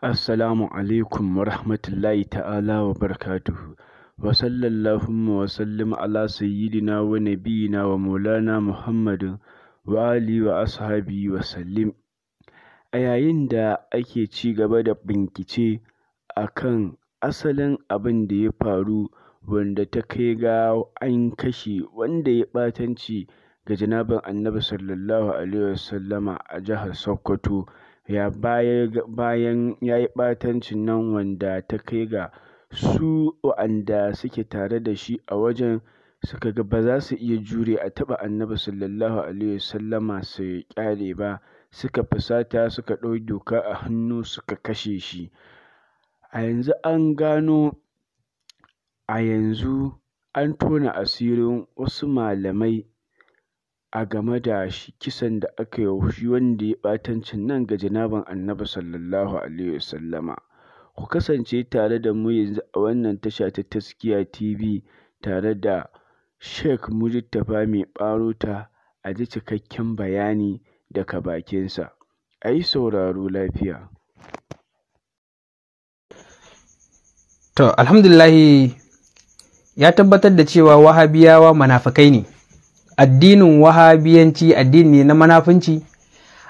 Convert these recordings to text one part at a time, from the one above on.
Assalamu alaikum wa rahmatullahi ta'ala wa barakatu Wa sallallahu wa sallim ala sayyidina wa nabiyina wa maulana Muhammadu, wa ali wa ashabi wa sallim. A yayin da ake ci gaba da bincike a kan asalin abin da ya faru wanda ta kai ga an kashe wanda ya ɓatanci ga janaban annabi sallallahu alaihi wasallama a jihar Sokoto. ya bayan ya yi ɓatancin nan wanda ta kai ga su waanda suke tare da shi a wajen suka ga ba za su iya jure a taɓa Annabi wasallama su ƙyale ba, suka fusata suka ɗau doka a hannu suka kashe shi. A yanzu an gano a yanzu an tona asirin wasu malamai a game da kisan da aka yi wa shi wanda ya yi ɓatancin nan ga janaban Annabi Sallallahu Alaihi Wasallama, ku kasance tare da mu yanzu a wannan tasha ta Taskiya TV tare da Sheikh Mujtaba Mai Ɓarota a ji cikakken bayani daga bakinsa. A yi sauraro lafiya. To, alhamdulillahi ya tabbatar da cewa wahabiyawa manafakai ne. addinin wahabiyanci addini ne na manafinci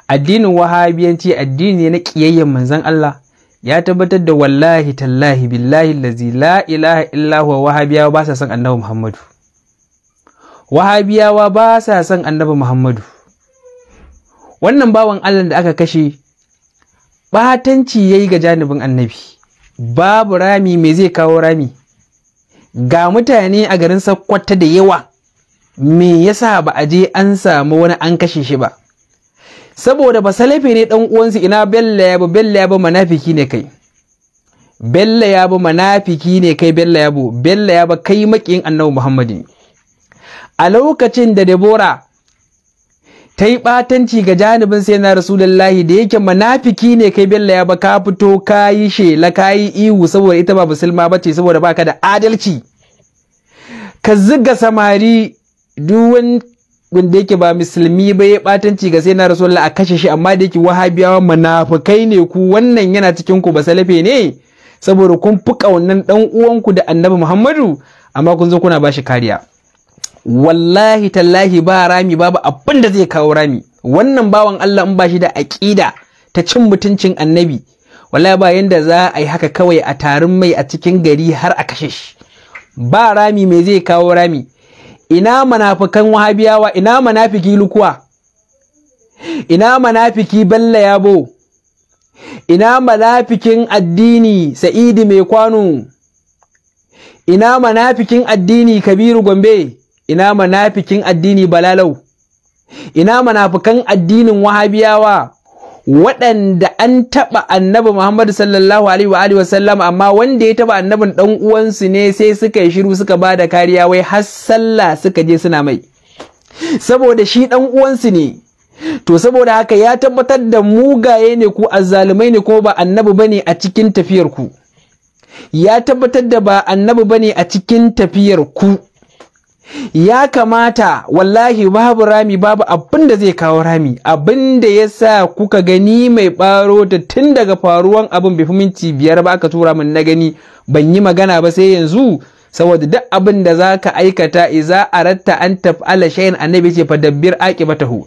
addinin wahabiyanci addini ne na ƙiyayyen manzan Allah ya tabbatar da wallahi tallahi billahi lazi la ilaha illahu wahabiyawa ba sa son annabi muhammadu wahabiyawa ba sa son annabi muhammadu wannan bawan allah da aka kashe batanci yayi ga janibin annabi babu rami me zai kawo rami ga mutane a garin sakkwata da yawa me yasa ba a je an samu wani an kashe shi ba saboda ba salafi ne dan uwansu ina bella yabo, bella yabo manafiki ne kai bella yabo manafiki ne kai bella yabo. bella yabo kai makiyin annabi muhammadin a lokacin da debora ta yi ɓatanci ga janibin sai na rasulullahi da yake manafiki ne kai bella ya ka fito ka yi shela ka yi ihu saboda ita ba musulma ba ce saboda baka da adalci ka ziga samari duk wanda yake ba musulmi ba ya batanci ga sai na rasulullah a kashe shi amma da yake wahabiyawa munafukai ne ku wannan yana cikin ku ba salafe ne saboda kun fi kaunan dan uwanku da annabi muhammadu amma kun zo kuna ba shi kariya wallahi tallahi ba rami babu abin da zai kawo rami wannan bawan allah in ba shi da aƙida ta cin mutuncin annabi wallahi ba yanda za a yi haka kawai a tarin mai a cikin gari har a kashe shi ba rami mai zai kawo rami ina manafikan wahabiyawa ina manafiki lukuwa ina manafiki balla yabo ina manafikin addini sa'idi mai kwano ina manafikin addini kabiru gombe ina manafikin addini balalau ina manafikan addinin wahabiyawa waɗanda an taɓa annabi Muhammadu sallallahu alaihi wa alihi amma wanda ya taɓa annabin ɗan uwansu ne sai suka yi shiru suka ba da kariya wai har suka je suna mai saboda shi ɗan uwansu ne to saboda haka ya tabbatar da mugaye ne ko azzalumai ne ko ba annabi bane a cikin tafiyar ku ya tabbatar da ba annabi bane a cikin tafiyar ku ya kamata wallahi babu rami babu abin da zai kawo rami abin da ya sa kuka gani mai ɓaro da tun daga faruwan abin bai minti biyar ba aka tura min na gani ban yi magana ba sai yanzu saboda duk abin da za ka aikata iza ratta an taf'ala shayin annabi ce fa dabbir aqibatahu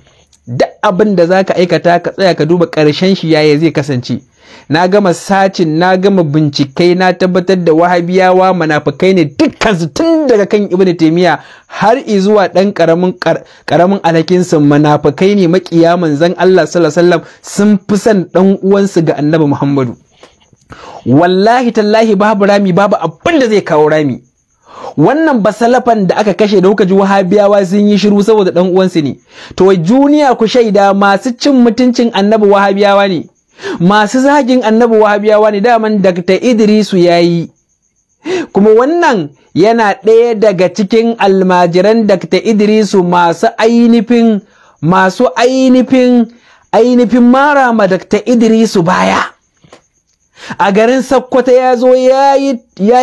duk abin da za ka aikata ka tsaya ka duba ƙarshen shi yaya zai kasance na gama sacin na gama bincikai na tabbatar da wahabiyawa manafakai ne dukkansu tun daga kan ibn taimiyya har izuwa dan karamin karamin alhakinsu manafakai ne makiya manzon Allah sallallahu alaihi wasallam sun fi son dan uwansu ga annabi Muhammadu wallahi tallahi babu rami babu abin da zai kawo rami wannan basalafan da aka kashe da kuka ji wahabiyawa sun yi shiru saboda dan uwansu ne to juniya ku shaida masu cin mutuncin annabi wahabiyawa ne masu zagin annabi wahabiyawa ne daman dakta idrisu ya yi kuma wannan yana ɗaya daga cikin almajiran dakta idrisu masu ainifin masu ainifin ainifin mara ma dakta idrisu baya a garin sakkwata ya zo ya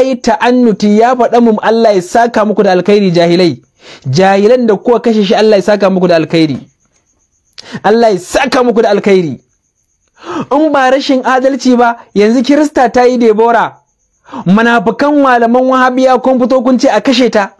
yi ta'annuti ya faɗa mu Allah ya saka muku da alkhairi jahilai jahilan da kuwa kashe shi Allah ya saka muku da alkhairi Allah ya saka muku da alkhairi in ba rashin adalci ba yanzu kirista ta yi debora munafukan malaman wahabiya kun fito kun ce a kashe ta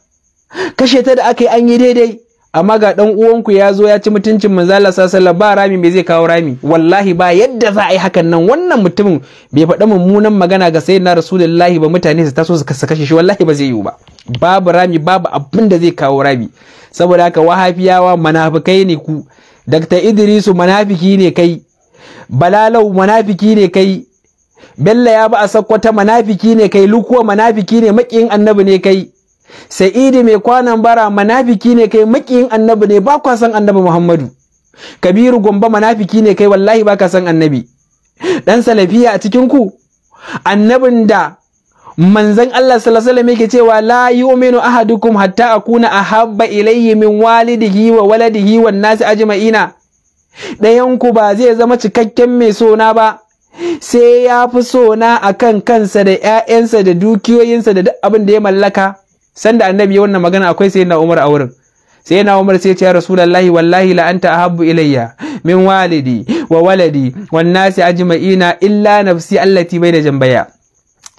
kashe ta da aka yi an yi daidai amma ga dan uwanku ya zo ya ci mutuncin manzo Allah sallallahu ba rami me zai kawo rami wallahi ba yadda za a yi hakan nan wannan mutumin bai faɗa mummunan magana ga sayyidina rasulullahi ba mutane su taso su kashe shi wallahi ba zai yiwu ba babu rami babu abin da zai kawo rami saboda haka wahafiyawa manafikai ne ku Dr. Idrisu manafiki ne kai balalau manafiki ne kai bella ya ba a sakwata manafiki ne kai lukuwa manafiki ne makin annabi ne kai sa'idi mai kwanan bara manafiki ne kai makin annabi ne ba kwa san annabi muhammadu kabiru gomba manafiki ne kai wallahi ba ka san annabi dan salafiya a cikin ku annabin da manzon Allah sallallahu alaihi wasallam yake cewa la yu'minu ahadukum hatta akuna ahabba ilayhi min walidihi wa waladihi wan nasi ajma'ina ɗayanku ba zai zama cikakken mai sona ba sai ya fi sona a kan kansa da 'ya'yansa da dukiyoyinsa da duk abin da ya mallaka sanda annabi ya wannan magana akwai sai na umar a wurin sai na umar sai ce rasulallahi wallahi la anta ahabbu ilayya min walidi wa waladi wan nasi ajma'ina illa nafsi allati bai da jambaya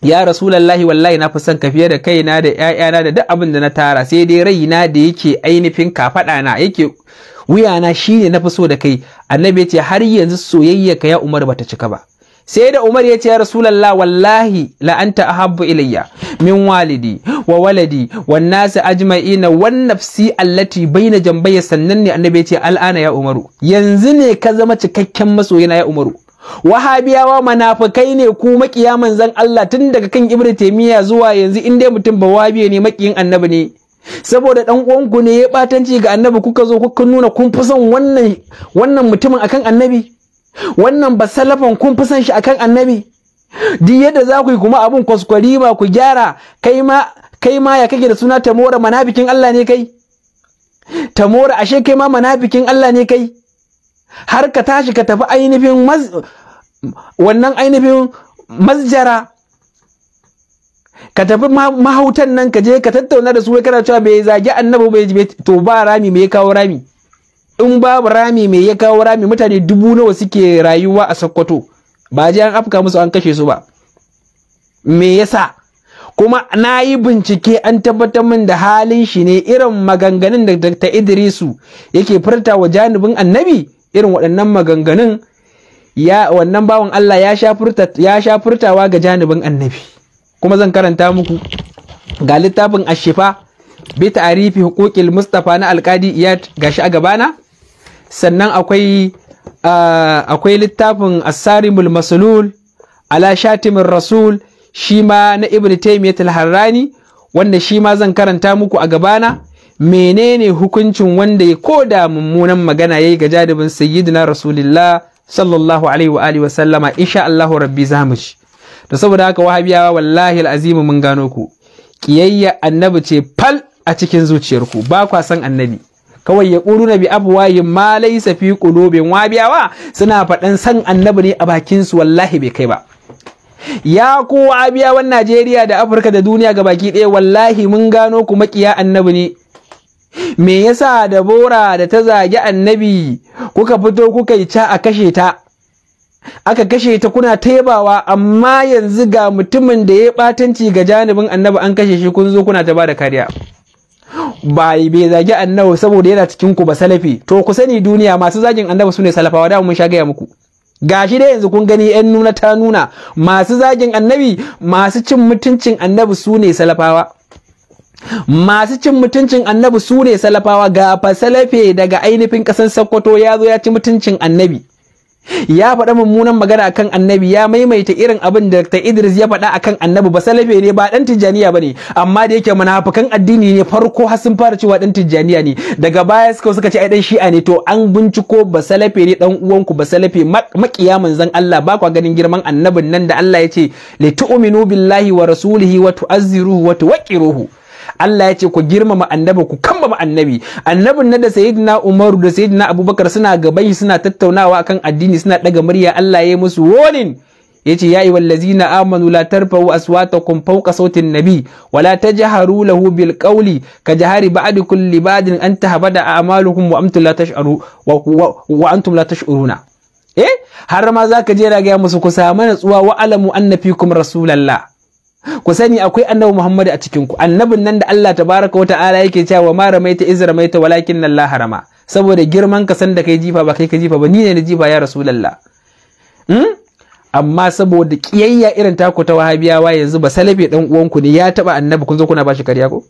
ya rasulallahi wallahi na fi son ka fiye da kaina da ƴaƴana da duk abin da na tara sai dai raina da yake ainihin kafaɗa na yake wuyana shine na fi so da kai annabi ya ce har yanzu soyayya ka ya umar bata cika ba sai da umar ya ce ya rasulallah wallahi la anta ahabbu ilayya min walidi wa waladi wan nasi ajma'ina wan nafsi allati baina jambayya sannan ne annabi ya ce al'ana ya umaru yanzu ne ka zama cikakken masoyina ya umaru wahabiyawa manafikai ne ku makiya manzon Allah tun daga kan ibnu taymiya zuwa yanzu in dai mutum ba wahabiya ne makiyin annabi ne saboda dan uwanku ne ya batanci ga annabi kuka zo kuka nuna kun fi son wannan wannan mutumin akan annabi wannan ba salafan kun fi son shi akan annabi duk yadda za ku yi kuma abun kwaskwari ba ku gyara kai ma kai ma ya kake da suna tamora manafikin Allah ne kai tamora ashe kai ma manafikin Allah ne kai har ka tashi ka tafi ainihin wannan ainihin masjara ka tafi mahautan nan ka je ka tattauna da su wai kana cewa bai zagi annabi bai to ba rami mai ya kawo rami in babu rami mai ya kawo rami mutane dubu nawa suke rayuwa a Sokoto ba je an afka musu an kashe su ba me yasa kuma na yi bincike an tabbatar min da halin shi ne irin maganganun da Dr. Idrisu yake furta wa janibin annabi irin waɗannan maganganun wannan bawan Allah ya sha furtawa ga janibin annabi kuma zan karanta muku ga littafin ashifa bi arifi huquqil mustafa na alqadi iyad gashi a gabana sannan akwai akwai littafin asarimul maslul ala shatimin rasul shi ma na ibn taymiyyah Harani, harrani wanda shi ma zan karanta muku a gabana menene hukuncin wanda ya ko da mummunan magana yayi ga jadibin sayyidina rasulullah sallallahu alaihi wa wa sallama insha Allahu rabbi zamu ci da saboda haka wahabiyawa wallahi alazim mun gano ku ƙiyayya annabi ce fal a cikin zuciyarku ba kwa san annabi kawai ya ƙuru na bi abuwayin ma laisa fi qulubin wabiyawa suna faɗan san annabi ne a bakin su wallahi bai kai ba ya ku wabiyawan Najeriya da Afirka da duniya ga baki ɗaya wallahi mun gano ku makiya annabi ne me yasa da bora da ta zagi annabi kuka fito kuka yi ca a kashe ta aka kashe ta kuna taibawa amma yanzu ga mutumin da ya batanci ga janibin annabi an kashe shi kun zo kuna ta bada kariya ba bai zagi annabi saboda yana cikin ku ba salafi to ku sani duniya masu zagin annabi sune salafawa da mun sha gaya muku gashi dai yanzu kun gani yan nuna ta nuna masu zagin annabi masu cin mutuncin annabi sune salafawa masu cin mutuncin annabi su ne salafawa ga fasalafe daga ainihin ƙasar sokoto ya zo ya ci mutuncin annabi ya faɗa mummunan magana akan annabi ya maimaita irin abin da ta idris ya faɗa akan annabi ba salafe ne ba ɗan tijjaniya ba ne amma da yake munafukan addini ne farko har sun fara cewa ɗan tijjaniya ne daga baya suka suka ce ai ɗan shi'a ne to an binciko ba salafe ne ɗan uwanku ba salafe makiya manzon Allah ba kwa ganin girman annabin nan da Allah ya ce li tu'minu billahi wa rasulihi wa tu'azziruhu wa tuwaqqiruhu Allah ya ce ku girmama annabi ku kambama annabi annabin na da sayyidina Umaru da sayyidina Abubakar suna gaban shi suna tattaunawa akan addini suna daga murya Allah ya musu warning yace ya ayyuhal ladzina amanu la tarfa'u aswatakum fawqa sautin nabi wa la tajharu lahu bil qawli ka jahari ba'dikum kulli ba'din an tahbada a'malukum wa antum la tash'uru wa antum la tash'uruna eh har ma zaka je na ga musu ku samu natsuwa wa alamu annafikum rasulallah ku sani akwai annabi Muhammad a cikin ku annabin nan da Allah tabaraka wa ta'ala yake cewa wa ma ramaita iz ramaita walakin Allah harama saboda girman ka san da kai jifa ba kai ka jifa ba ni ne na jifa ya rasulullah hmm? amma saboda kiyayya irin taku ta wahabiyawa yanzu ba salafe dan uwanku ne ya taba annabi kun zo kuna bashi kariya ko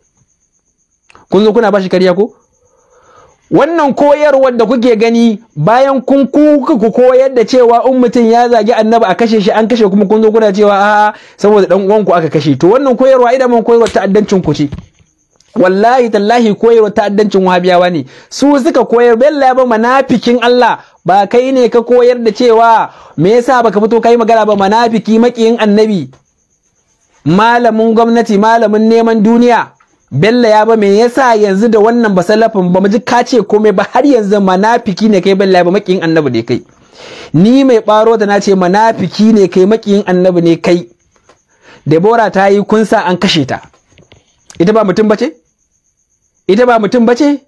kun zo kuna bashi kariya ko wannan koyarwar da kuke gani bayan kun kuka ku koyar da cewa in mutum ya zagi annabi a kashe shi an kashe kuma kun zo kuna cewa a saboda dan uwanku aka kashe to wannan koyarwa idan mun koyarwa ta'addancin ku ce wallahi tallahi koyarwa ta'addancin wahabiyawa ne su suka koyar bella ya ba manafikin Allah ba kai ne ka koyar da cewa me yasa baka fito kai magana ba manafiki makiyin annabi malamin gwamnati malamin neman duniya Bello ya ba me yasa yanzu da wannan ba salafin ba mu ka ce komai ba har yanzu manafiki ne kai Bello ya ba makiyin annabi ne kai ni mai baro da nace manafiki ne kai makiyin annabi ne kai Debora ta yi kunsa an kashe ta ita ba mutum bace ita ba mutum bace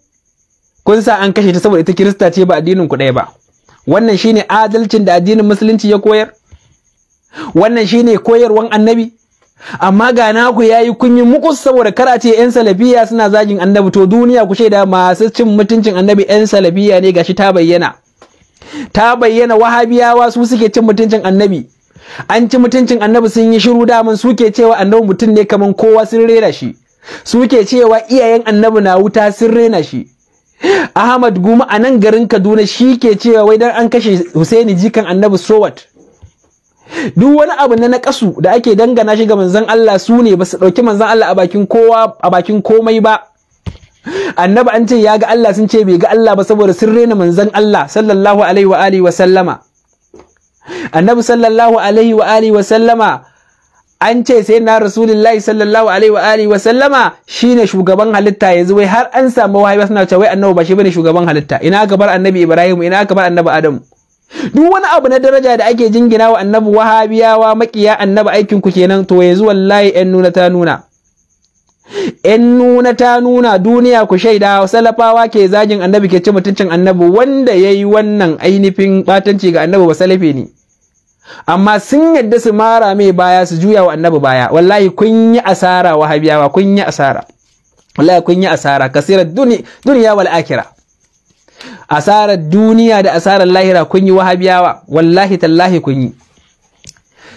kunsa an kashe ta saboda ita kirista ce ba addinin ku ɗaya ba wannan shine adalcin da addinin musulunci ya koyar wannan shine koyarwan annabi amma ga naku yayi kun yi mukus saboda kar a ce yan salafiya suna zagin annabi to duniya ku shaida masu cin mutuncin annabi yan salafiya ne gashi ta bayyana ta bayyana wahabiyawa su suke cin mutuncin annabi an ci mutuncin annabi sun yi shiru daman suke cewa annabi mutum ne kaman kowa sun rena shi suke cewa iyayen annabi na wuta sun rena shi Ahmad Guma a nan garin Kaduna shi ke cewa wai dan an kashe Husaini jikan annabi Sowat duk wani abu na nakasu da ake dangana shi ga manzon Allah su ne ba su ɗauki manzon Allah a bakin kowa a bakin komai ba annabi an ce ya ga Allah sun ce bai ga Allah ba saboda sun rena manzon Allah sallallahu alaihi wa alihi wa sallama annabi sallallahu alaihi wa alihi wa sallama an ce sai na rasulullahi sallallahu alaihi wa alihi wa sallama shine shugaban halitta yanzu wai har an samu wahayi suna cewa wai annabi ba shi bane shugaban halitta ina gabar annabi Ibrahim ina gabar annabi Adamu duk wani abu na daraja da ake jingina wa annabi wahabiyawa makiya annabi aikin ku kenan to yanzu wallahi yan nuna ta nuna yan nuna ta nuna duniya ku shaida salafawa ke zagin annabi ke ci mutuncin annabi wanda ya yi wannan ainihin batanci ga annabi ba salafe ne amma sun yadda su mara mai baya su juya wa annabi baya wallahi kun yi asara wahabiyawa kun yi asara wallahi kun yi asara kasirar duniya wal akira asarar duniya da asarar lahira kun yi wahabiyawa wallahi tallahi kun yi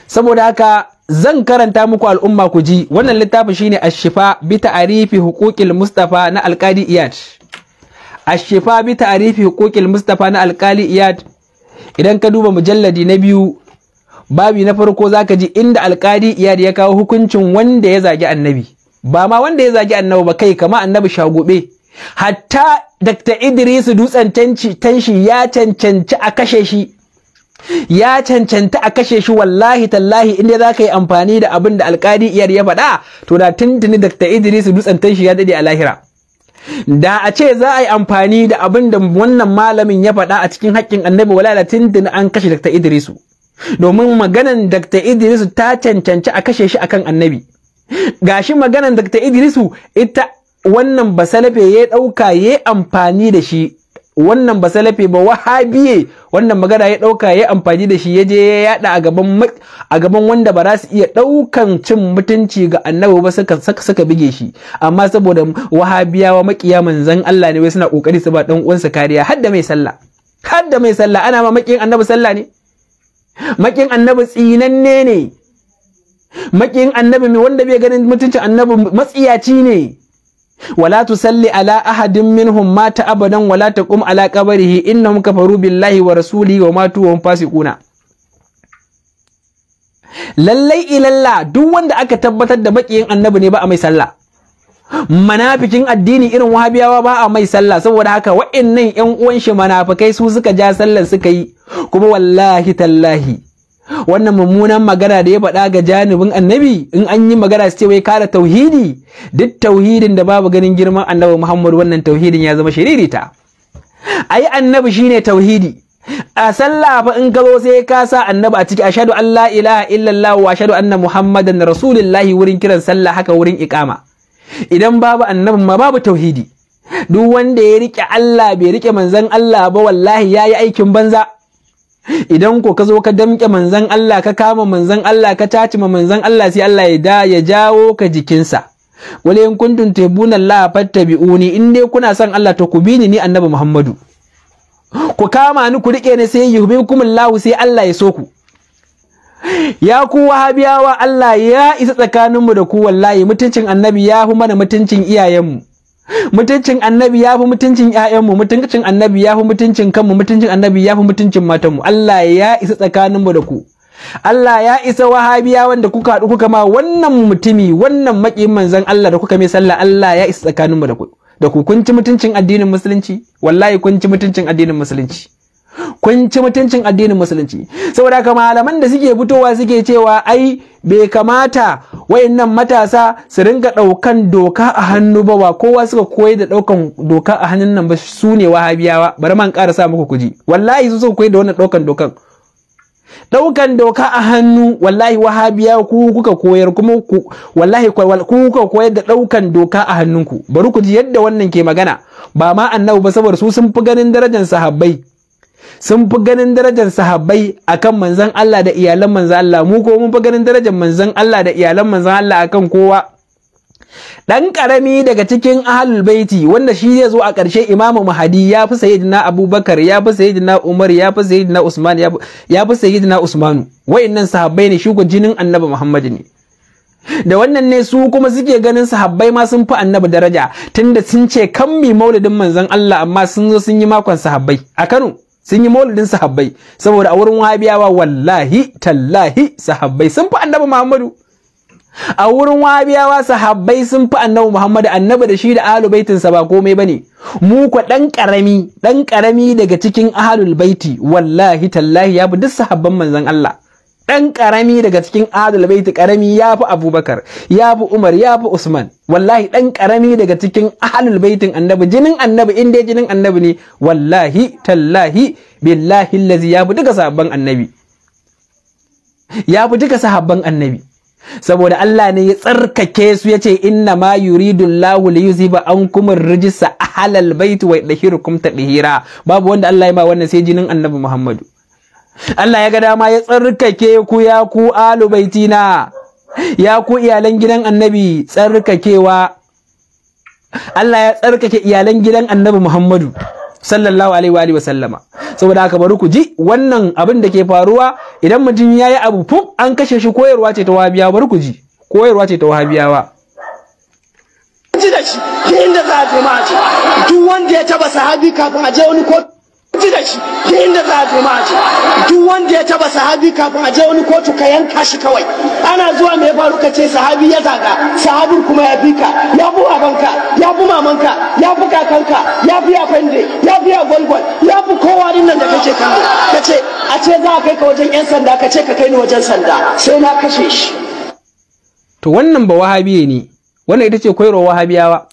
saboda haka zan karanta muku al'umma ku ji wannan littafin shine ashifa bi ta'rifi huquqil mustafa na alqadi iyad ashifa bi ta'rifi huquqil mustafa na alqali iyad idan ka duba mujalladi na biyu babi na farko zaka ji inda alqadi iyad ya kawo hukuncin wanda ya zagi annabi ba ma wanda ya zagi annabi ba kai kama annabi shagobe hatta Dr. Idris dutsen tanshi ya cancanci a kashe shi ya cancanta a kashe shi wallahi tallahi inda za ka yi amfani da abin da alkali iyar ya faɗa to da tuntuni Dr. Idris dutsen tanshi ya dade a lahira da a ce za a yi amfani da abin da wannan malamin ya faɗa a cikin haƙƙin annabi wala da tuntuni an kashe Dr. Idris domin maganan Dr. Idris ta cancanci a kashe shi akan annabi gashi maganan Dr. Idris ita wannan basalafe ya ɗauka ya amfani da shi wannan basalafe ba wahabiye wannan magana ya ɗauka ya amfani da shi ya je ya yada a gaban wanda ba za su iya ɗaukan cin mutunci ga annabi ba suka bige shi amma saboda wahabiyawa makiya manzan Allah ne wai suna kokari su ba dan uwansa kariya har da mai sallah har da mai sallah ana ma makin annabi sallah ne makin annabi tsinanne ne makin annabi wanda bai ganin mutuncin annabi matsiyaci ne wala tusalli ala ahadin minhum mata abadan wala taqum ala qabrihi innahum kafaru billahi wa rasulihi wa matu wa lallai ilalla duk wanda aka tabbatar da makiyin annabi ne ba a mai sallah manafikin addini irin wahabiyawa ba a mai sallah saboda haka wa'annan yan uwan shi manafikai su suka ja sallar suka yi kuma wallahi tallahi wannan mummunan magana da ya faɗa ga janibin annabi in an yi magana su ce wai kara tauhidi duk tauhidin da babu ganin girman annabi muhammad wannan tauhidin ya zama shiririta ai annabi shine tauhidi a sallah fa in ka zo sai ka sa annabi a ciki ashadu an la ilaha illallah wa ashhadu anna muhammadan rasulullahi wurin kiran sallah haka wurin iqama idan babu annabin ma babu tauhidi duk wanda ya rike Allah bai rike manzon Allah ba wallahi yayi aikin banza idan ko ka zo ka damƙe manzan Allah ka kama manzan Allah ka ma manzan Allah sai Allah ya da ya jawo ka jikinsa wala in kuntum tuhibuna Allah fattabi'uni in dai kuna son Allah to ku bini ni annabi Muhammadu ku kama ni ku rike ni sai yuhibbukum Allah sai Allah ya so ku ya ku wahabiyawa Allah ya isa tsakaninmu da ku wallahi mutuncin annabi ya fi mana mutuncin iyayenmu mutuncin annabi ya fi mutuncin ƴaƴanmu mutuncin annabi ya fi mutuncin kanmu mutuncin annabi ya fi mutuncin matanmu Allah ya isa tsakaninmu da ku Allah ya isa wahabiya wanda kuka haɗu kuka ma wannan mutumi wannan maƙin manzon Allah da kuka mai sallah Allah ya isa tsakaninmu da ku da ku kun ci mutuncin addinin musulunci wallahi kun ci mutuncin addinin musulunci kun ci mutuncin addinin musulunci saboda haka malaman da suke fitowa suke cewa ai bai kamata wayannan matasa su ringa ɗaukan doka a hannu ba wa kowa suka koyi da ɗaukan doka a hannun nan ba su ne wahabiyawa bari man ƙara sa muku kuji wallahi su suka koyi da wannan ɗaukan dokan ɗaukan doka a hannu wallahi wahabiya ku kuka koyar kuma ku wallahi ku kuka koyar da ɗaukan doka a hannunku bari ku ji yadda wannan ke magana ba ma annabi ba saboda su sun fi ganin darajar sahabbai sun fi ganin darajar sahabbai akan manzan Allah da iyalan manzan Allah mu ko mun fi ganin darajar manzan Allah da iyalan manzan Allah akan kowa dan karami daga cikin ahlul baiti wanda shi zai zo a ƙarshe imamu mahadi ya fi sayyidina abubakar ya fi sayyidina umar ya fi sayyidina usman ya fi sayyidina usmanu wayannan sahabbai ne shugo jinin annabi muhammad ne da wannan ne su kuma suke ganin sahabbai ma sun fi annabi daraja tunda sun ce kan mi maulidin manzon Allah amma sun zo sun yi makon sahabbai a Kano sun yi maulidin sahabbai saboda a wurin wahabiyawa wallahi tallahi sahabbai sun fi annabi muhammadu a wurin wahabiyawa sahabbai sun fi annabi muhammadu annabi da shi da ahlul baitin sa ba komai bane mu ko dan karami dan karami daga cikin ahlul baiti wallahi tallahi ya bi duk sahabban manzon Allah ɗan ƙarami daga cikin adal baiti ƙarami ya fi abubakar ya fi umar ya fi usman wallahi ɗan ƙarami daga cikin ahalul baitin annabi jinin annabi in dai jinin annabi ne wallahi tallahi billahi lazi ya fi duka sahabban annabi ya fi duka sahabban annabi saboda Allah ne ya tsarkake su ya ce inna ma yuridu Allahu li yuziba ankum rijsa ahlal baiti wa yudhhirukum tadhira babu wanda Allah ya ma wannan sai jinin annabi Muhammadu Allah ya ga dama ya tsarkake ku ya ku alu baitina ya ku iyalan gidan annabi tsarkakewa Allah ya tsarkake iyalan gidan annabi Muhammadu sallallahu alaihi wa sallama saboda haka bari ku ji wannan abin da ke faruwa idan mutum ya yi abu fuf an kashe shi koyarwa ce ta wahabiyawa bari ku ji koyarwa ce ta wahabiyawa ji da shi inda za a je ma a duk wanda ya taba sahabi kafin a je wani kotu ji da shi da inda za a ma a duk wanda ya taba sahabi kafin a je wani kotu ka yanka shi kawai ana zuwa mai faru ka ce sahabi ya zaga sahabin kuma ya bi ka ya fi abanka ya fi mamanka ya fi kakanka ya bi fende ya bi gwalgwal ya fi kowa din nan da kake kallo ka ce a ce za a kai ka wajen yan sanda ka ce ka kai ni wajen sanda sai na kashe shi to wannan ba wahabiye ne wannan ita ce koyarwa wahabiyawa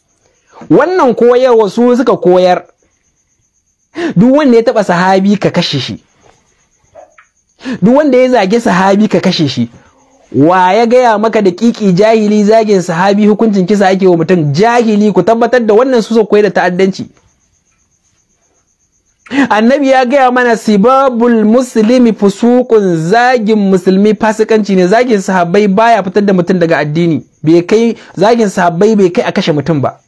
wannan koyarwa su suka koyar duk wanda ya taba sahabi ka kashe shi duk wanda ya zage sahabi ka kashe shi wa ya gaya maka da kiki jahili zagin sahabi hukuncin kisa ake wa mutum jahili ku tabbatar da wannan su koyi da ta'addanci annabi ya gaya mana sibabul muslimi fusukun zagin musulmi fasikanci ne zagin sahabbai baya fitar da mutum daga addini bai kai zagin sahabbai bai kai a kashe mutum ba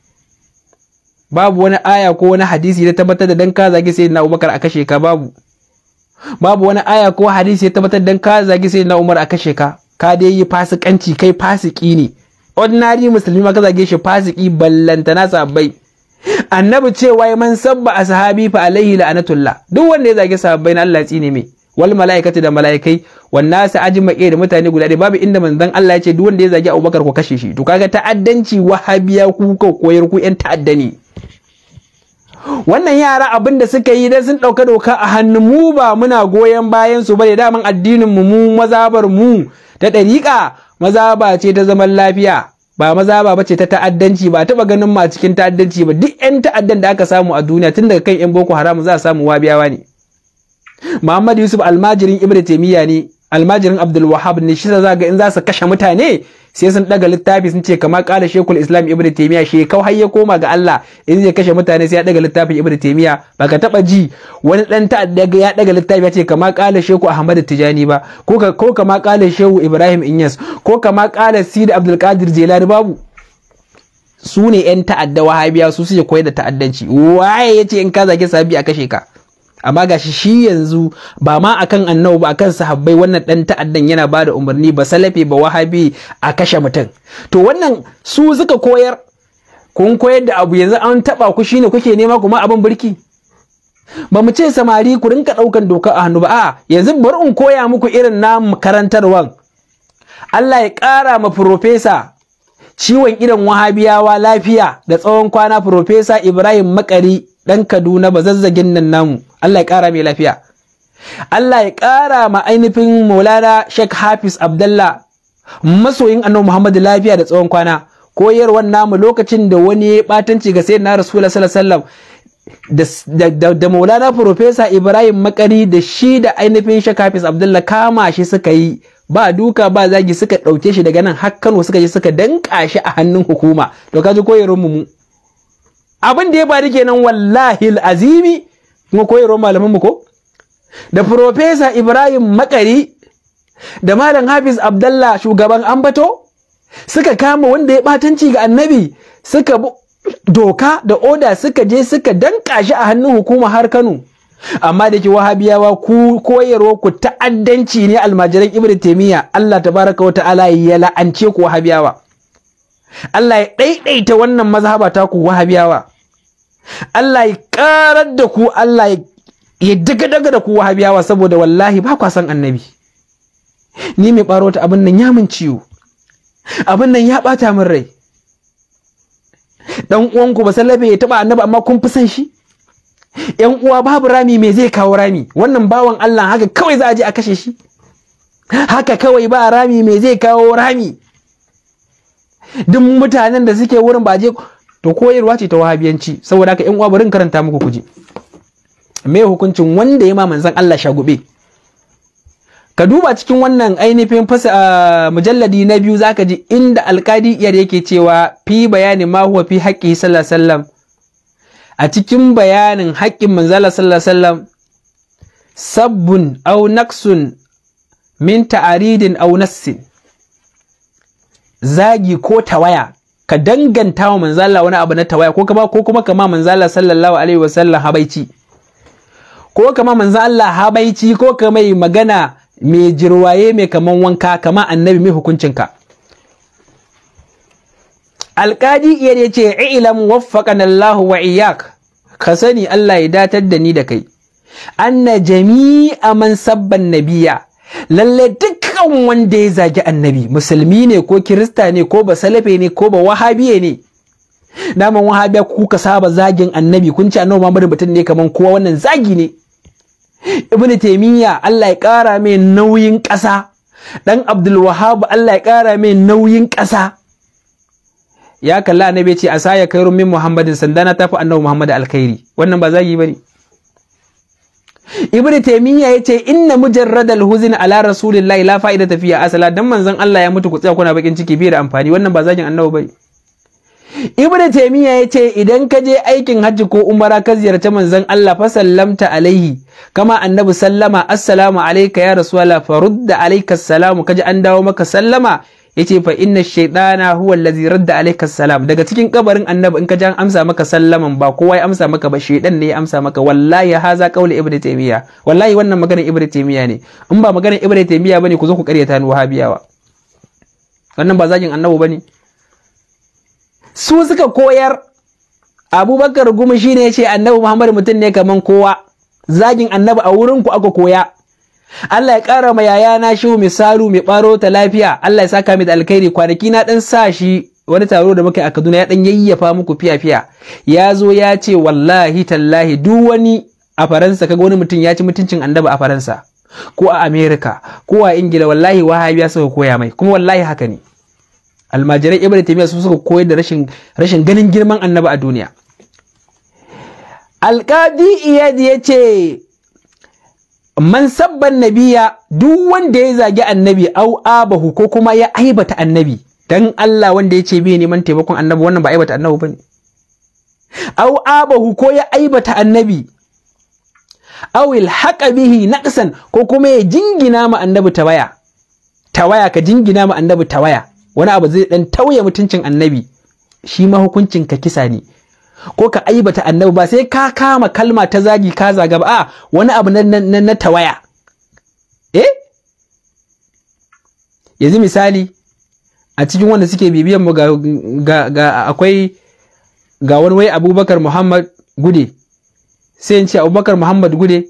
babu wani aya ko wani hadisi da tabbatar da dan ka zagi na Abubakar a kashe ka babu babu wani aya ko hadisi ya tabbatar dan ka zagi na Umar a kashe ka ka dai yi fasikanci kai fasiki ne ordinary musulmi ma ka zage shi fasiki ballantana sabbai annabi cewa man sabba a sahabi fa alaihi la'natullah duk wanda ya zage sabai na Allah tsine mai wal mala'ikati da mala'ikai wan nasu ajma'i da mutane guda ɗaya babu inda manzon Allah ya ce duk wanda ya zage Abubakar ko kashe shi to kaga ta'addanci wahabiya ku ko koyar ku yan ta'addani ne wannan yara abin da suka yi dan sun ɗauka doka a hannun mu ba muna goyon bayan su Da daman addinin mu mu mazabar mu ta ɗariƙa mazaba ce ta zaman lafiya ba mazaba ba ce ta ta'addanci ba taɓa ganin ma cikin ta'addanci ba duk 'yan ta'addan da aka samu a duniya tun daga kan 'yan boko haram za a samu wabiyawa ne muhammad yusuf almajirin ibn taimiyya ne almajirin abdul wahab ne shi za ga in za su kashe mutane sai sun daga littafi sun ce kamar kala shekul islam ibnu shi shekau har ya koma ga Allah in zai kashe mutane sai ya daga littafin ibnu Ba baka taba ji wani dan ta'adda ya daga littafi ya ce kama kala sheku ahmad tijani ba ko ko kamar kala shehu ibrahim inyas ko kamar kala sidi abdul qadir jilani babu su ne 'yan ta'adda wahabiya su suke koyar da ta'addanci waye ya ce in ka zage sabi a kashe ka amma gashi shi yanzu ba ma akan annabi ba akan sahabbai wannan dan ta'addan yana bada umarni ba salafi ba wahabi a kashe mutum to wannan su suka koyar kun koyar da abu yanzu an taba ku shine kuke nema kuma abin birki ba mu ce samari ku rinka daukan doka a hannu ba a yanzu bar in koya muku irin na makarantarwan. Allah ya ƙara ma furofesa ciwon idan wahabiyawa lafiya da tsawon kwana furofesa Ibrahim Makari ɗan kaduna ba zazzagin nan namu allah ya ƙara mai lafiya allah ya ƙara ma ainihin maulana sheikh hafiz abdallah masoyin annabi muhammadu lafiya da tsawon kwana koyarwar namu lokacin da wani ya ɓatanci ga sayyidina rasulullah sallallahu da maulana profesa ibrahim makari da shi da ainihin sheikh hafiz abdullah kama shi suka yi ba duka ba zagi suka ɗauke shi daga nan har kano suka je suka danƙa shi a hannun hukuma to kaji koyarwar mu abin da ya faru kenan wallahi azimi kuma koyarwar malaman mu ko da Profesa Ibrahim Makari da Malam Hafiz Abdullah shugaban Ambato suka kama wanda ya batanci ga annabi suka doka da oda suka je suka danka shi a hannun hukuma har Kano amma da ke wahabiyawa ku koyarwa ku ta'addanci ne almajiran ibn taimiyya Allah tabaraka wa ta'ala ya la'ance ku wahabiyawa Allah ya ɗaiɗaita wannan mazhaba ta ku wahabiyawa Allah ya karar da ku Allah ya daga daga da ku wahabiyawa saboda wallahi ba kwa san annabi ni mai baro ta abin nan ya min ciwo abin nan ya ɓata min rai dan uwanku ba salafi ya taba annabi amma kun fi san shi yan uwa babu rami me zai kawo rami wannan bawan Allah haka kawai za a je a kashe shi haka kawai ba rami me zai kawo rami duk mutanen da suke wurin ba je to koyarwa ce ta wahabiyanci saboda haka yan uwa barin karanta muku kuji me hukuncin wanda ya ma manzon Allah shagube ka duba cikin wannan ainihin fasa mujalladi na biyu zaka ji inda alkadi iyar yake cewa fi bayani ma huwa fi haƙƙi sallallahu sallam a cikin bayanin haƙƙin manzala sallallahu sallam sabbun au naqsun min ta'aridin au nassin zagi ko tawaya ka danganta wa manzala wani abu na tawaya ko kuma ko kuma kama manzala sallallahu alaihi wa sallam habaici ko kama manzala habaici ko kama magana mai jirwaye mai kaman wanka kama annabi mai hukuncinka Alƙali iya ne ce ilam waffaqan Allahu wa iyyak ka sani Allah ya datar da ni da kai anna jami'a man sabban nabiya lalle duk dukkan wanda ya zagi annabi musulmi ne ko kirista ne ko basalafe ne ko ba wahabiye ne naman wahabiya kuka saba zagin annabi kun ci annabi Muhammadu mutum ne kaman kowa wannan zagi ne ibn taymiya Allah ya kara mai nauyin kasa dan abdul wahhab Allah ya kara mai nauyin ƙasa ya kalla annabi ce asaya kairu min muhammadin sandana tafi annabi muhammadu alkhairi wannan ba zagi bane ibnu taymiya yace inna mujarradal huzn ala rasulillahi la ta fiya asala dan manzon Allah ya mutu ku tsaya kuna bakin ciki bi da amfani wannan ba zagin annabi bane ibnu taymiya ce idan ka je aikin hajji ko umara ka ziyarci manzon Allah fa sallamta alaihi kama annabi sallama assalamu alayka ya rasulullah farudda alayka assalamu kaji an dawo maka sallama yace fa inna shaytana huwa allazi radda alayka salam daga cikin kabarin annabi in ka ji amsa maka sallaman ba kowa ya amsa maka ba shaydan ne ya amsa maka wallahi haza qauli ibnu taymiya wallahi wannan magana ibnu taymiya ne in ba magana ibnu taymiya bane ku zo ku karyata ni wahabiyawa wannan ba zagin annabi bane su suka koyar abubakar gumi shine yace annabi muhammad mutum ne kaman kowa zagin annabi a wurin ku aka koya Allah ya ƙara ma yaya na misalu mai ɓaro ta lafiya Allah ya saka mai da alkhairi kwanaki na ɗan sa shi wani taro da muka yi a Kaduna ya ɗan yayyafa muku fiya-fiya ya zo ya ce wallahi tallahi duk wani a Faransa kaga wani mutum ya ci mutuncin annaba a Faransa ko a Amerika ko a Ingila wallahi ya suka koya mai kuma wallahi haka ne almajirai ibn taymiya su suka koyar da rashin rashin ganin girman annaba a duniya alqadi iyad yace man sabban nabiya duk wanda ya zagi annabi au abahu ko kuma ya aibata annabi dan Allah wanda ya ce bai neman taimakon annabi wannan ba aibata annabi bane au abahu ko ya aibata annabi au ilhaqa bihi naqsan ko kuma ya jingina ma annabi tawaya tawaya ka jingina ma annabi tawaya wani abu zai dan tauye mutuncin annabi shi ma hukuncin ka kisa ne ko ka aibata annabi ba sai ka kama kalma ta zagi ka zaga ba a wani abu na tawaya eh yanzu misali a cikin wanda suke bibiyan mu ga akwai ga wani wai abubakar muhammad gude sai in ce abubakar muhammad gude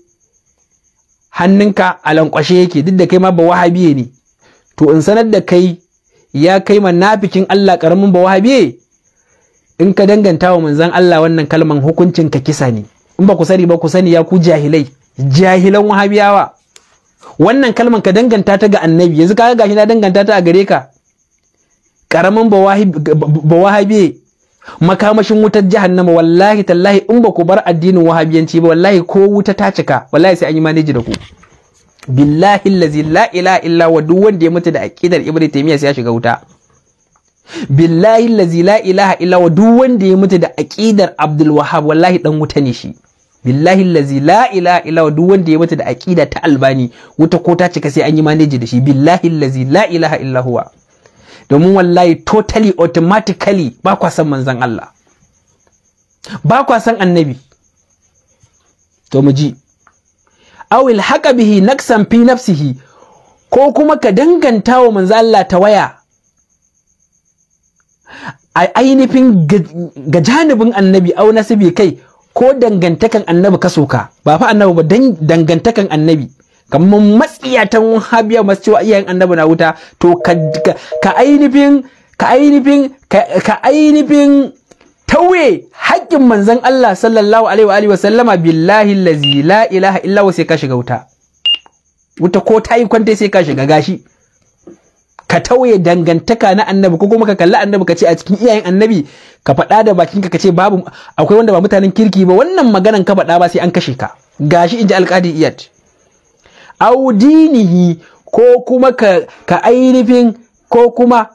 hannunka a lankwashe yake duk da kai ma ba wahabiye ne to in sanar da kai ya kai ma nafikin allah karamin ba wahabiye in ka danganta wa manzon Allah wannan kalman hukuncin ka kisa ne in ba ku sani ba ku sani ya ku jahilai jahilan wahabiyawa wannan kalman ka danganta ta ga annabi yanzu kaga gashi na danganta ta a gare ka karamin ba wahabi makamashin wutar jahannama wallahi tallahi in ba ku bar addinin wahabiyanci ba wallahi ko wuta ta cika wallahi sai an yi maneji da ku billahi allazi la ilaha illa wa duk wanda ya mutu da aqidar ibnu taymiya sai ya shiga wuta billahi lazi la ilaha illa duk wanda ya mutu da aqidar abdul wahab wallahi dan wuta ne shi billahi lazi la ilaha illa duk wanda ya mutu da aqida ta albani wuta ko ta cika sai an yi manage da shi billahi lazi la ilaha illa domin wallahi totally automatically ba kwa san manzan Allah ba kwa san annabi to mu ji awil haka bihi naksan fi nafsihi ko kuma ka danganta wa manzo Allah ta waya a ainihin ga janibin annabi au nasibi kai ko dangantakan annabi ka soka ba fa annabi ba dangantakan annabi kamar matsiyatan wahabiya masu cewa iyayen annabi na wuta to ka ainihin ka ainihin ka ainihin tauye haƙƙin manzon Allah sallallahu alaihi wa sallama billahi allazi la ilaha illa sai ka shiga wuta wuta ko ta yi kwanta sai ka shiga gashi ka tauye dangantaka na annabi ko kuma ka kalli annabi ka ce a cikin iyayen annabi ka faɗa da bakinka ka ce babu akwai wanda ba mutanen kirki ba wannan maganan ka faɗa ba sai an kashe ka gashi inji alƙadi iyad au dinihi ko kuma ka ka ainihin ko kuma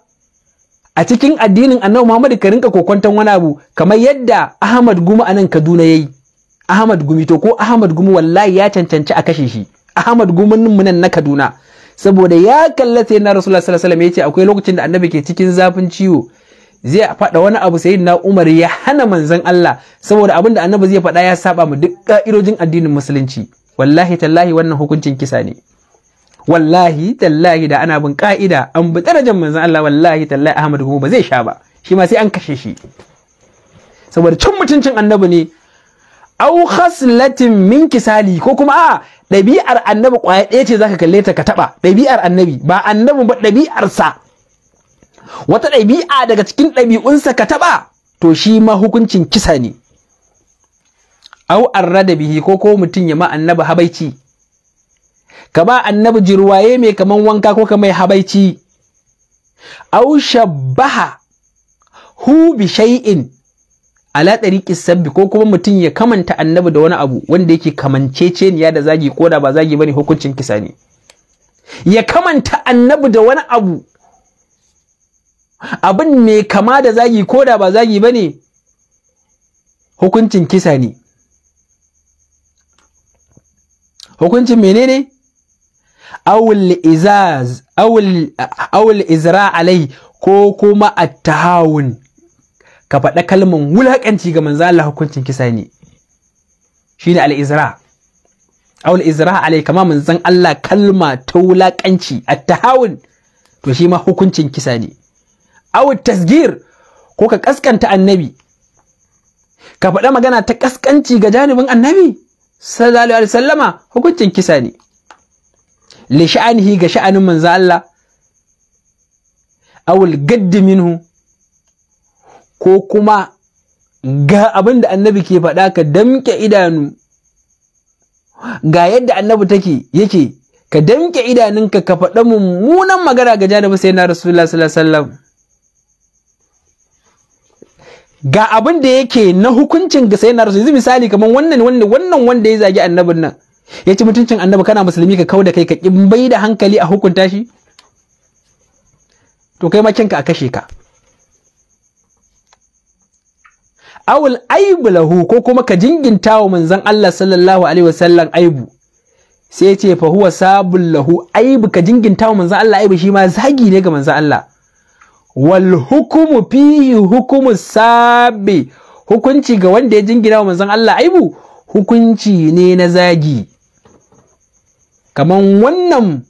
a cikin addinin annabi Muhammad ka rinka kokwanton wani abu kamar yadda Ahmad Gumi anan Kaduna yayi Ahmad Gumi to ko Ahmad Gumi wallahi ya cancanci a kashe shi Ahmad Gumin nan na Kaduna saboda ya kalla sai na rasulullah sallallahu alaihi wasallam yace akwai lokacin da annabi ke cikin zafin ciwo zai faɗa wani abu sai na umar ya hana manzon Allah saboda abin da annabi zai faɗa ya saba mu duk ka'irojin addinin musulunci wallahi tallahi wannan hukuncin kisa ne wallahi tallahi da ana bin ka'ida an bi darajar manzon Allah wallahi tallahi Ahmad kuma ba zai sha ba shi ma sai an kashe shi saboda cin mutuncin annabi ne au khaslatin min kisali ko kuma a ɗabi'ar annabi ƙwaya ɗaya ce zaka kalle ta ka taɓa ɗabi'ar annabi ba annabi ba ɗabi'arsa wata ɗabi'a daga cikin ɗabi'unsa ka taɓa to shi ma hukuncin kisa ne au arrada bihi ko ko mutum ya ma annabi habaici ka ba annabi jirwaye mai kaman wanka ko kamar habaici au shabbaha hu bi shay'in ala ɗariƙi sabbi ko kuma mutum ya kamanta annabi da wani abu wanda yake kamanceceniya da zagi ko da ba zagi bane hukuncin kisa ne ya kamanta annabi da wani abu abin mai kama da zagi ko da ba zagi bane hukuncin kisa ne hukuncin menene awul awul izra alai ko kuma at-tahawun ka faɗa kalman wulaƙanci ga manzo Allah hukuncin kisa ne shine al-izra aw al-izra alai kama manzon Allah kalma ta wulaƙanci at-tahawun to shi ma hukuncin kisa ne aw tasgir ko ka kaskanta annabi ka faɗa magana ta kaskanci ga janibin annabi sallallahu alaihi wasallama hukuncin kisa ne li sha'anihi ga sha'anin manzo Allah al gaddi minhu ko kuma ga abin da annabi ke faɗa ka damƙe idanu ga yadda annabi take yake ka damƙe idanunka ka faɗa mummunan magana ga janabi sai na rasulullah sallallahu alaihi wasallam ga abin da yake na hukuncin ga sai na rasu yanzu misali kamar wannan wanda wannan wanda ya zagi annabin nan ya ci mutuncin annabi kana musulmi ka kau da kai ka bai da hankali a hukunta shi to kai ma kinka a kashe ka awul aibu lahu ko kuma ka jinginta wa manzon Allah sallallahu alaihi wasallam aibu sai ce fa huwa sabul lahu aibu ka jinginta wa manzon Allah aibu shi ma zagi ne ga manzon Allah wal hukumu fihi hukumu sabi hukunci ga wanda ya jingina wa manzon Allah aibu hukunci ne na zagi kaman wannan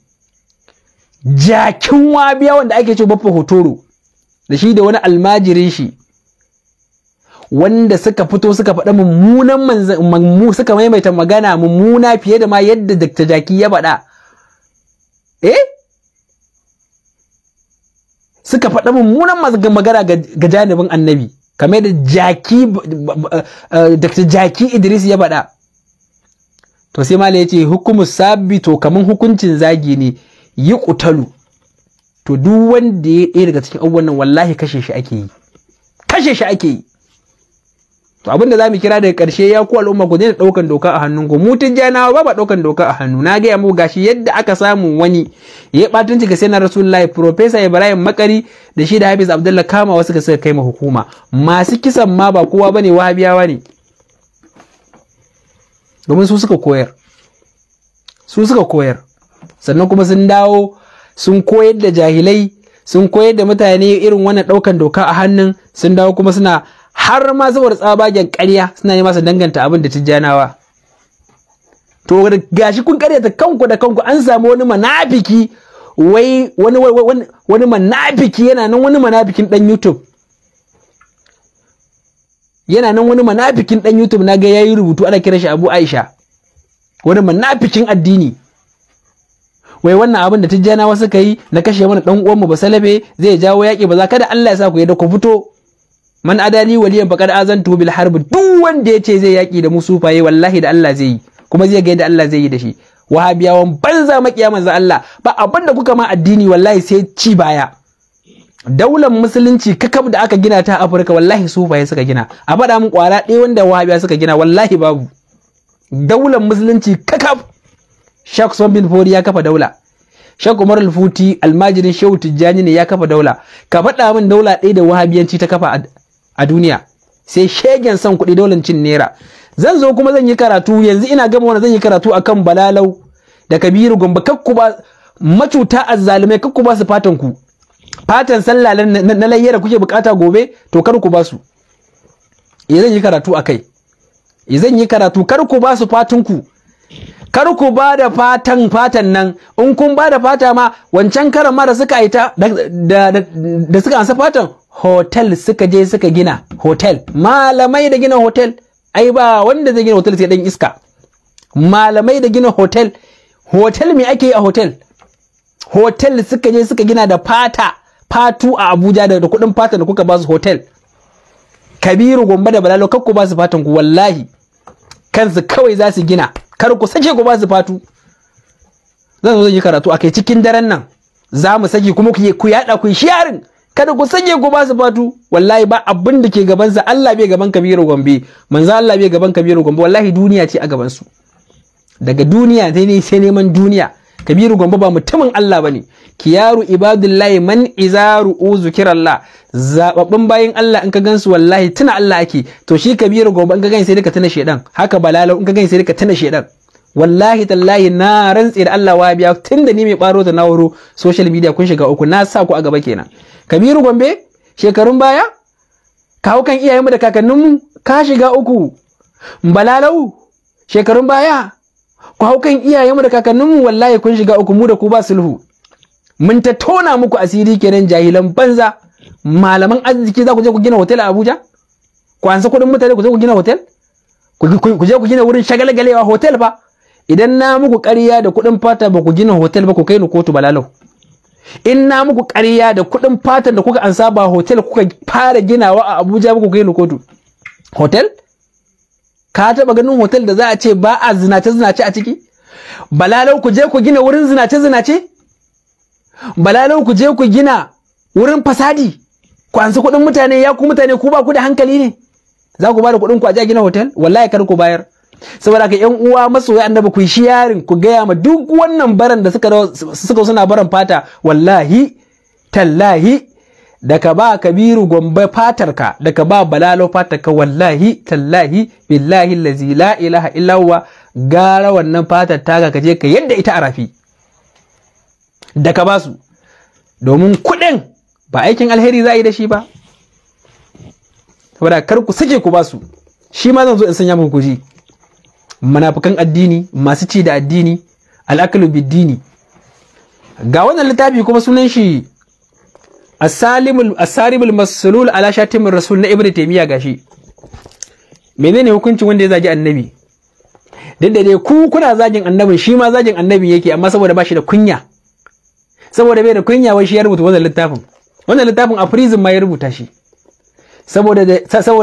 jakin wabiya wanda ake ce baffa hotoro da shi da wani almajirin shi wanda suka fito suka faɗa mummunan manzan suka maimaita magana mummuna fiye da ma yadda Dr. Jaki ya faɗa eh suka faɗa mummunan magana ga janibin annabi kamar da jaki eh, eh, Dr. Jaki Idris ya faɗa to sai mala yace hukumu sabbi to kaman hukuncin zagi ne yi kutalu to duk wanda ya ɗaya daga cikin abubuwan nan wallahi kashe shi ake yi kashe shi ake yi to abin da zamu kira daga karshe ya ku al'umma ku daina daukan doka a hannunku mu tijjanawa ba ba daukan doka a hannu na gaya muku gashi yadda aka samu wani ya batunci ga sayyidina rasulullahi professor ibrahim makari da shi da hafiz abdullahi kama wasu ka suka kai ma hukuma masu kisan ma ba kowa bane wahabiyawa ne domin su suka koyar su suka koyar sannan kuma sun dawo sun koyar da jahilai sun koyar da mutane irin wannan daukan doka a hannun sun dawo kuma suna har ma saboda tsabagen ƙarya suna yi masa danganta abin da tijjanawa to gashi kun karyata kanku da kanku an samu wani manafiki wai wani wani manafiki yana nan wani manafikin dan YouTube yana nan wani manafikin dan YouTube na ga yayi rubutu ana kira shi Abu Aisha wani manafikin addini wai wannan abin da tijjanawa suka yi na kashe mana dan uwanmu ba salabe zai jawo yaki ba za kada Allah ya sa ku yadda ku fito man adali waliyan azan azantu bil harb duk wanda yace zai yaki da mu sufaye wallahi da Allah zai yi kuma zai ga yadda Allah zai yi da shi wahabiyawan banza makiya manzo Allah ba abin da kuka ma addini wallahi sai ci baya daular musulunci kakab da aka gina ta Afirka wallahi sufaye suka gina a faɗa min kwara ɗaya wanda wahabiya suka gina wallahi babu daular musulunci kakab Sheikh Sombin Fori ya kafa daula Sheikh Umar Al-Futi almajirin Shehu Tijjani ne ya kafa daula ka faɗa min daula ɗaya da wahabiyanci ta kafa a duniya sai shegen son kuɗi dole cin naira zan zo kuma zan yi karatu yanzu ina gama wani zan yi karatu akan balalau da kabiru gombe kakku ba macuta azzalumai kakku ba su fatan ku fatan sallah na layya da kuke bukata gobe to kar ku ba su zan yi karatu akai zan yi karatu kar ku ba su fatan ku kar ku ba da fatan fatan nan in kun ba da fata ma wancan karan ma da suka aita da suka ansa fatan hotel suka je suka gina hotel malamai da gina hotel ai ba wanda zai gina hotel sai dan iska malamai da gina hotel hotel me ake yi a hotel hotel suka je suka gina da fata fatu a abuja da kudin fata da kuka ba su hotel kabiru gombe da balalo kar ku ba su fatan ku wallahi kansu kawai za su gina kar ku sake ku ba su fatu zan zo zan yi karatu akai cikin daren nan za mu saki kuma ku yaɗa ku yi sharing kada ku sanye ku ba su fatu wallahi ba abin da ke gabansa Allah bai gaban kabiru gombe manzo Allah bai gaban kabiru gombe wallahi duniya ce a gaban su daga duniya sai ne sai neman duniya kabiru gombe ba mutumin Allah bane kiyaru ibadullahi man izaru uzukirallah zababbin bayin Allah in ka gansu wallahi tuna Allah ake to shi kabiru gombe in ka gani sai ka tuna shedan haka balalo in ka gani sai ka tuna shedan wallahi tallahi na rantse da Allah wabiya da ni mai baro da nauro social media kun shiga uku na sa ku a gaba kenan kabiru gombe shekarun baya kawo kan iyayenmu da kakanninmu ka shiga uku balalau shekarun baya ku kan iyayenmu da kakanninmu wallahi kun shiga uku mu da ku ba sulhu mun ta tona muku asiri kenan jahilan banza malaman arziki za ku je ku gina hotel a Abuja ku ansa kuɗin mutane ku je ku gina hotel ku je ku gina wurin shagalgalewa hotel ba idan na muku ƙarya da kuɗin fata ba ku gina hotel ba ku kai ni kotu balalau in na muku ƙarya da kuɗin fatan da kuka ansa ba hotel kuka fara ginawa a abuja ba ku kai ni kotu hotel ka taɓa ganin hotel da za a ce ba a zinace zinace a ciki balalau ku je ku gina wurin zinace zinace balalau ku je ku gina wurin fasadi ku ansa kuɗin mutane ya ku mutane ku ba ku da hankali ne za ku ba da kuɗin ku a gina hotel wallahi kar ku bayar saboda ka yan uwa masoya annabi ku shi yarin ku gaya ma duk wannan baran da suka suka suna baran fata wallahi tallahi da ka ba kabiru gombe fatarka da ka ba balalo fatarka wallahi tallahi billahi lazi la ilaha gara wannan fatar taga ka je ka yadda ita a rafi da ka ba su domin kuɗin ba aikin alheri za a yi da shi ba saboda kar ku sake ku ba su shi ma zan zo in sanya muku kuji manafukan addini masu ci da addini al'akalu biddini ga wannan littafi kuma sunan shi asalimul masalul ala shatimin rasul na taimiyya. taymiya gashi menene hukuncin wanda ya zagi annabi duk da dai ku kuna zagin annabin shi ma zagin annabin yake amma saboda ba shi da kunya saboda bai da kunya wai shi ya rubuta wannan littafin wannan littafin a prison ma ya rubuta shi saboda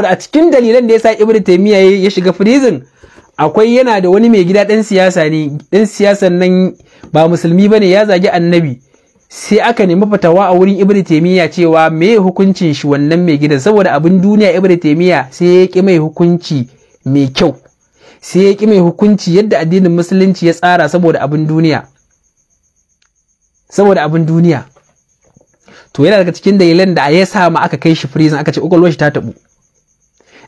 a cikin dalilan da ya sa ibn taimiyya ya shiga prison akwai yana da wani mai gida ɗan siyasa ne ɗan siyasan nan ba musulmi bane ya zagi annabi sai aka nemi fatawa a wurin ibn taimiyya cewa me hukuncin shi wannan mai gidan saboda abin duniya ibn taimiyya sai ya ƙi mai hukunci mai kyau sai ya ƙi mai hukunci yadda addinin musulunci ya tsara saboda abin duniya saboda abin duniya to yana daga cikin dalilan da ya sa ma aka kai shi prison aka ce ƙwaƙwalwar shi ta taɓu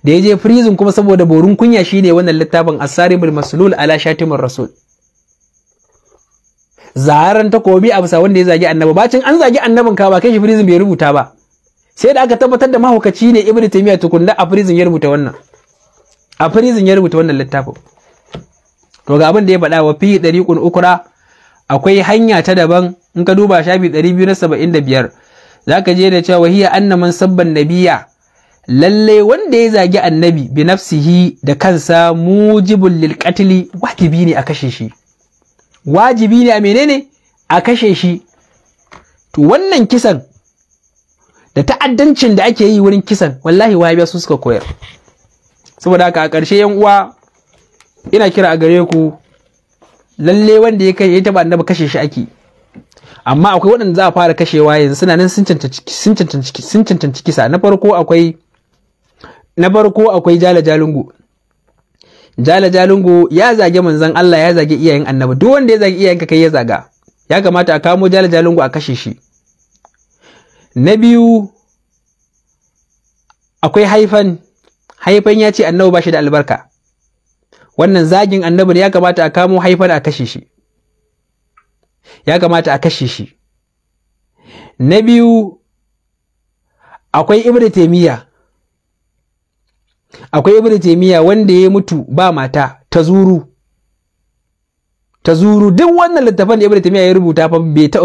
da ya je prison kuma saboda borin kunya shine wannan littafin asarimul maslul ala shatimur rasul ta takobi a bisa wanda ya zagi annabi bacin an zagi annabin ka ba kai shi prison bai rubuta ba sai da aka tabbatar da mahaukaci ne ibnu taymiya tukunna a prison ya rubuta wannan a prison ya rubuta wannan littafin to ga abin da ya faɗa wa fi dariqun ukra akwai hanya ta daban in ka duba shafi 275 zaka je da cewa hiya anna sabban nabiya lalle wanda ya zagi annabi bi nafsihi da kansa mujibul lil qatli wajibi ne a kashe shi wajibi ne a menene a kashe shi to wannan kisan da ta'addancin da ake yi wurin kisan wallahi wahabiya su suka koyar saboda haka a ƙarshe yan uwa ina kira a gare ku lalle wanda ya kai ya taba annabi kashe shi ake amma akwai waɗanda za a fara kashewa yanzu suna nan sun cancanci kisa na farko akwai na farko akwai jala jalungu jala jalungu ya zage manzon Allah ya zage iyayen annabi duk wanda ya zage iyayenka kai ya zaga ya kamata a kamo jala jalungu a kashe shi na biyu akwai haifan haifan ya ce annabi ba shi da albarka wannan zagin annabi ya kamata a kamo haifan a kashe shi ya kamata a kashe shi na biyu akwai ibnu taymiya akwai ibnu wanda ya mutu ba mata ta zuru ta zuru duk wannan littafin da ibnu taymiya ya rubuta fa bai ta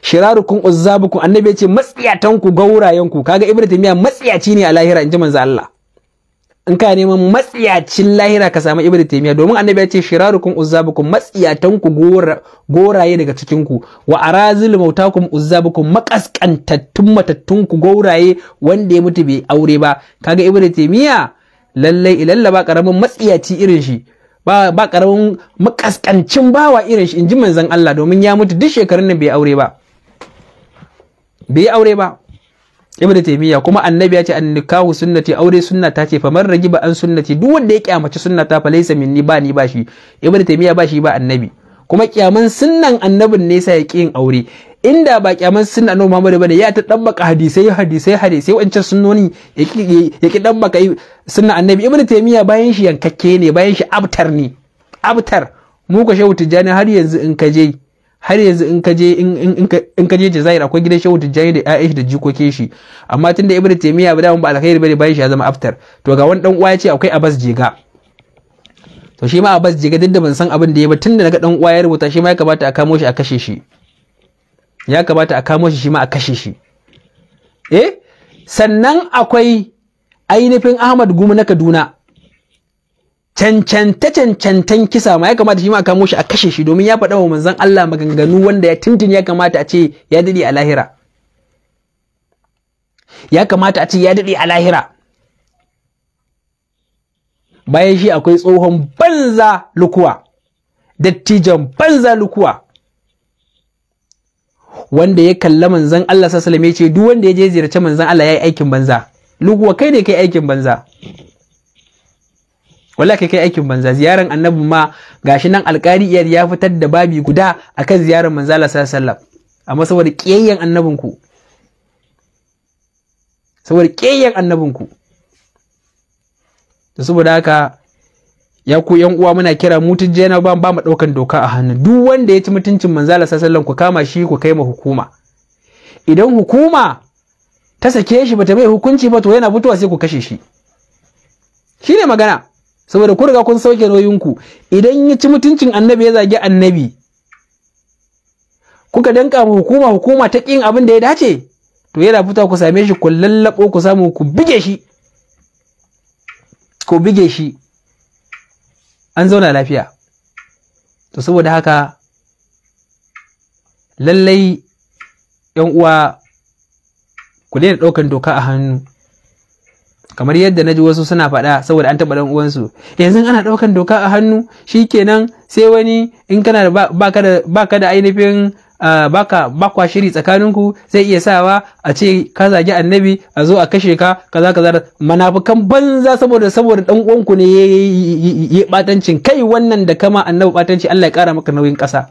shirarukum uzzabukum annabi ya ce matsiyatan ku gaurayen ku kaga ibnu taymiya matsiyaci ne a lahira inji manzo Allah in ka neman matsiyacin lahira ka samu ibnu taymiya domin annabi ya ce shirarukum uzzabukum matsiyatan ku goraye daga cikin ku wa arazil mautakum uzzabukum makaskantattun matattun ku gauraye wanda ya mutu bai aure ba kaga ibnu taymiya lallai ilalla ba karamin matsiyaci irin shi ba ba karamin makaskancin bawa irin shi inji manzon Allah domin ya mutu duk shekarun nan bai aure ba bai aure ba ibn taymiya kuma annabi ya ce annikahu sunnati aure sunnata ce. ce faman ragiba an sunnati duk wanda ya kyamaci sunna fa laysa minni ba ni ba shi ibn taymiya ba shi ba annabi kuma kyaman sunnan annabin ne sa ya ƙi yin aure inda ba kyaman sun annabi Muhammad bane ya ta dabbaka hadisai hadisai hadisai wancan sunnoni ya ki dabbaka sunna annabi ibnu taymiya bayan shi yankakke ne bayan shi abtar ne abtar mu ka shehu tijjani har yanzu in ka je har yanzu in ka je in ka je Jazair akwai gidan Shehu Tijjani da ƴaƴan shi da jikokin shi amma tunda ibnu taymiya ba da ba alkhairi bane bayan shi ya zama abtar. to ga wani dan uwa ya ce akwai Abbas Jega to shi ma Abbas Jega duk da ban san abin da ya ba tunda naga dan uwa ya rubuta shi ma ya kamata a kamo shi a kashe shi ya kamata a kamo shi shi ma a kashe shi eh sannan akwai ainihin Ahmad Gumi na Kaduna cancanta cancantan kisa ma ya kamata shi ma a kamo shi a kashe shi domin ya faɗa wa manzon Allah maganganu wanda ya tuntun ya kamata a ce ya daɗe a lahira ya kamata a ce ya daɗe a lahira bayan shi akwai tsohon banza lukuwa dattijan banza lukuwa wanda ya kalla manzan Allah sallallahu alaihi ce duk wanda ya je ziyarci manzan Allah yayi aikin banza luguwa kai ne kai aikin banza wallahi kai kai aikin banza ziyaran annabi ma gashi nan alƙari iyar ya fitar da babi guda akan ziyaran manzan Allah sallallahu alaihi wasallam amma saboda kiyayyen annabinku saboda kiyayyen annabinku da saboda haka ya ku yan uwa muna kira mutun jena ba ba mu daukan doka a hannu duk wanda ya ci mutuncin Allah sallallahu ku kama shi ku kai ma hukuma idan hukuma ta sake shi bata mai hukunci ba to yana fitowa sai ku kashe shi shine magana saboda ku riga kun sauke nauyinku idan ya ci mutuncin annabi ya zagi annabi kuka danka mu hukuma hukuma ta kin abin da ya dace to yana fitowa ku same shi ku lallabo ku samu ku bige shi ku bige shi an zauna lafiya to saboda haka lallai yan uwa ku daina ɗaukan doka a hannu kamar yadda na ji wasu suna faɗa saboda an taɓa uwansu yanzu ana ɗaukan doka a hannu shikenan sai wani in kana ba baka da ainihin baka bakwa shiri tsakaninku zai iya sawa a ce ka zagi annabi a zo a kashe ka kaza kaza manafukan banza saboda saboda dan uwanku ne ya batancin kai wannan da kama annabi batanci Allah ya kara maka nauyin kasa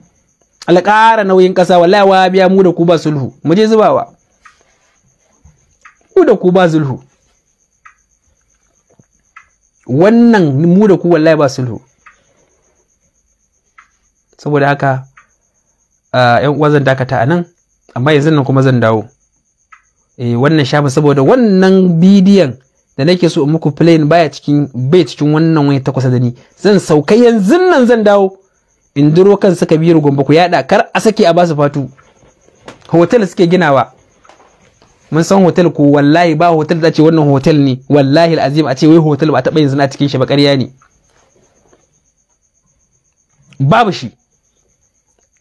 Allah kara nauyin kasa wallahi wa biya mu da ku ba sulhu mu je zubawa mu da ku ba sulhu wannan mu da ku wallahi ba sulhu saboda haka Ah, yan uwa zan dakata a nan amma yanzu nan kuma zan dawo eh, wannan shafi saboda wannan bidiyon da nake so in muku plane baya cikin bai cikin wannan wani takwas da ni zan sauka yanzu nan zan dawo in duro kan suka biyar gombe ku yada kar a sake a basu fatu hotel suke ginawa mun san hotel ko wallahi ba hotel da ce wannan hotel ne wallahi azim a ce wai hotel ba a taɓa yanzu na cikin shi ba ƙarya ne babu shi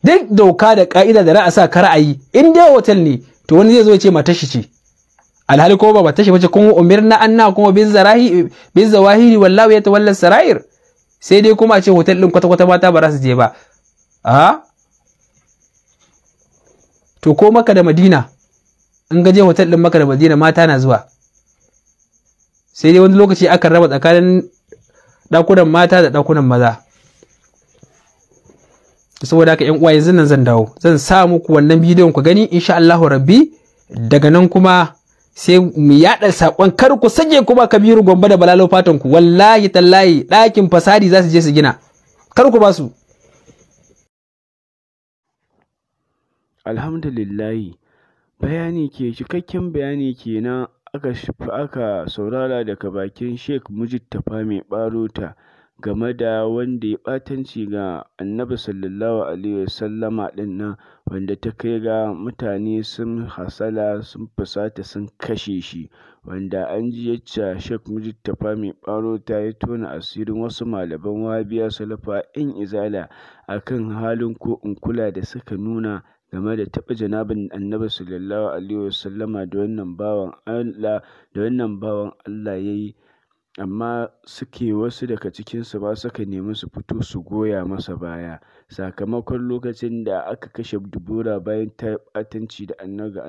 duk doka da ka'ida da ra'asa ka ra'ayi in dai hotel ne to wani zai zo ya ce ma shi ce alhali ko ba matar shi bace kun umirna anna kuma bin zarahi bin zawahiri ya tawalla sarair sai dai kuma a ce hotel din kwata kwata mata ba za su je ba a to ko maka da madina in ga je hotel din maka da madina mata na zuwa sai dai wani lokaci akan raba tsakanin dakunan mata da dakunan maza saboda haka yan uwa yanzu nan zan dawo zan sa muku wannan bidiyon ku gani insha Allahu rabbi daga nan kuma sai mu yada sakon kar ku sage kuma kabiru gombe da balalo fatan ku wallahi tallahi ɗakin fasadi za su je su gina kar ku ba alhamdulillahi bayani ke cikakken bayani kenan aka aka saurara daga bakin sheikh mujitaba mai barota game da wanda ya yi ɓatanci ga Annabi Sallallahu Alaihi Wasallama ɗinnan wanda ta kai ga mutane sun hasala, sun fusata, sun kashe shi, wanda an ji yacca Sheikh Mujtaba Mai baro ta yi tona asirin wasu malaman Wahabiya salafa in Izala a kan halin ko-in-kula da suka nuna game da taba janabin Annabi Sallallahu Alaihi Wasallama da wannan bawan Allah ya yi. amma suke wasu daga cikinsu ba suka nemi su fito su goya masa baya, sakamakon lokacin da aka kashe dubura bayan ta da annabi da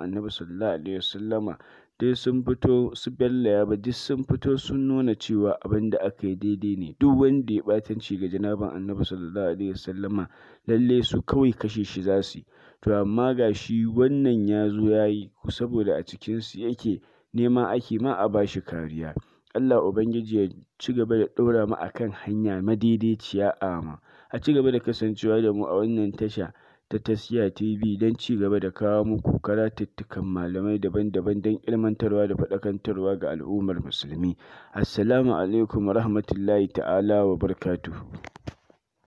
Annabi Sallallahu Alaihi Wasallama, dai sun fito su Bello ya duk sun fito sun nuna cewa abinda da aka yi daidai ne, duk wanda ya batanci ɓatanci ga janaban Annabi Sallallahu Alaihi Wasallama lalle su kawai kashe shi za su yi, to amma ga shi wannan ya zo ya yi saboda a cikinsu yake nema ake ma a ba shi kariya. Allah Ubangiji ya ci gaba da ɗora mu a kan hanya madaidaiciya ama a ci gaba da kasancewa da mu a wannan tasha ta Tasiya TV don ci gaba da kawo muku karatuttukan malamai daban-daban don ilmantarwa da faɗakantarwa ga al'ummar musulmi. Assalamu alaikum wa rahmatullahi ta'ala wa barkatuhu.